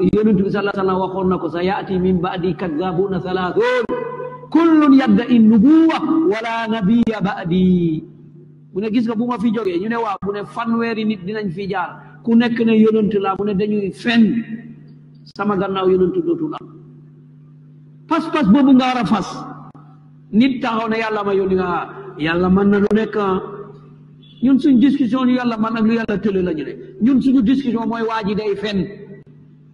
yonent bi sallallahu alayhi wa sallam ko sa yaati min baadi kadabuna salaatun kullun yadda in nubuwa wala nabiya baadi mu ne gis nga bu ma fi jógee ñu ne waaw mu ne fanweeri nit dinañ fi jaar ku nekk ne yonent la mu ne dañuy fen sama gannaaw yonent dootul am pas-pas boobu nga war a nit taxaw ne yàlla ma yónni nga ah, yàlla mën na lu nekk ah. ñun suñ discussion yu man ak lu yàlla tële la ñu ne ñun suñu discussion mooy waa ji day fen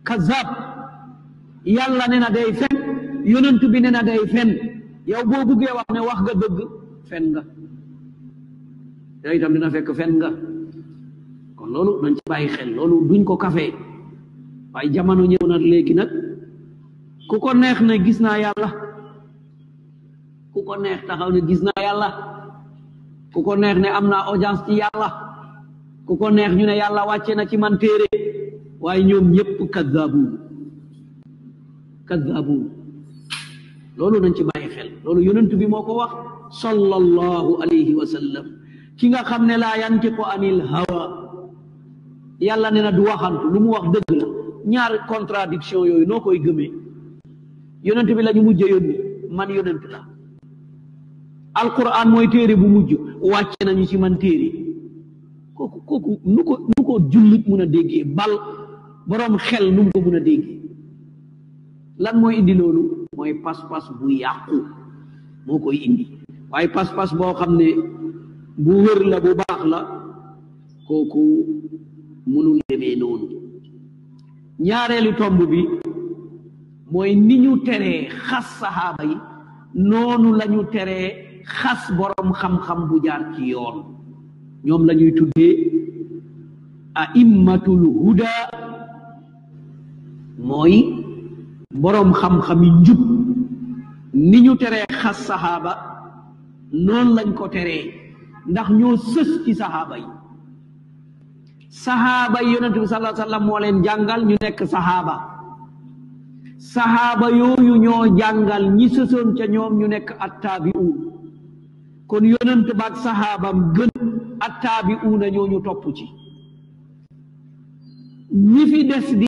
kazab yàlla ne na day fen yonent bi ne na day fen yow boo buggee wax ne wax nga dëgg fen nga yow itam dina fekk fen nga kon loolu dañ ci bàyyi xel loolu duñ ko kafee waaye jamono ñëw na léegi nag ku ko neex ne gis naa yàlla ku ko neex taxaw ne gis naa yàlla ku neex ne am naa audience ci yàlla ku ko neex ñu ne yàlla wàcce na ci man téere waaye ñoom ñëpp kazaabu kazaabu loolu nañ ci bàyyi xel loolu yonent bi moo ko wax sallallahu alayhi wa sallam ki nga xam ne laa yantiqu anil hawa yàlla ne na du waxantu lu mu wax dëgg la ñaar contradiction yooyu noo koy gëmee yonent bi la ñu mujj yónni man yonent la alquran mooy téere bu mujj wàcc nañu ci man téere kooku kooku nu ko nu ko jullit mun a déggee bal boroom xel nu mu ko mën a déggee lan mooy indi loolu mooy pas-pas bu yàqu moo koy indi waaye pas-pas boo xam ne bu wër la bu baax la kooku mënul demee noonu ñaareelu tomb bi mooy ni ñu teree xas saxaaba yi noonu lañu tere xas boroom xam-xam bu jaar ci yoon ñoom lañuy ñuy tuddee aimmatul huda mooy boroom xam-xami njub ni ñu teree xas saxaaba noonu lañ ko teree ndax ñoo sës ci saxaaba yi saxaaba yi yonent bi moo leen jàngal ñu nekk saxaaba saxaaba yooyu ñoo jàngal ñi sësoon ca ñoom ñu nekk attaabiuun kon yonent baag saxaabam gën attaabiuuna ñoo ñu topp ci ñi fi des di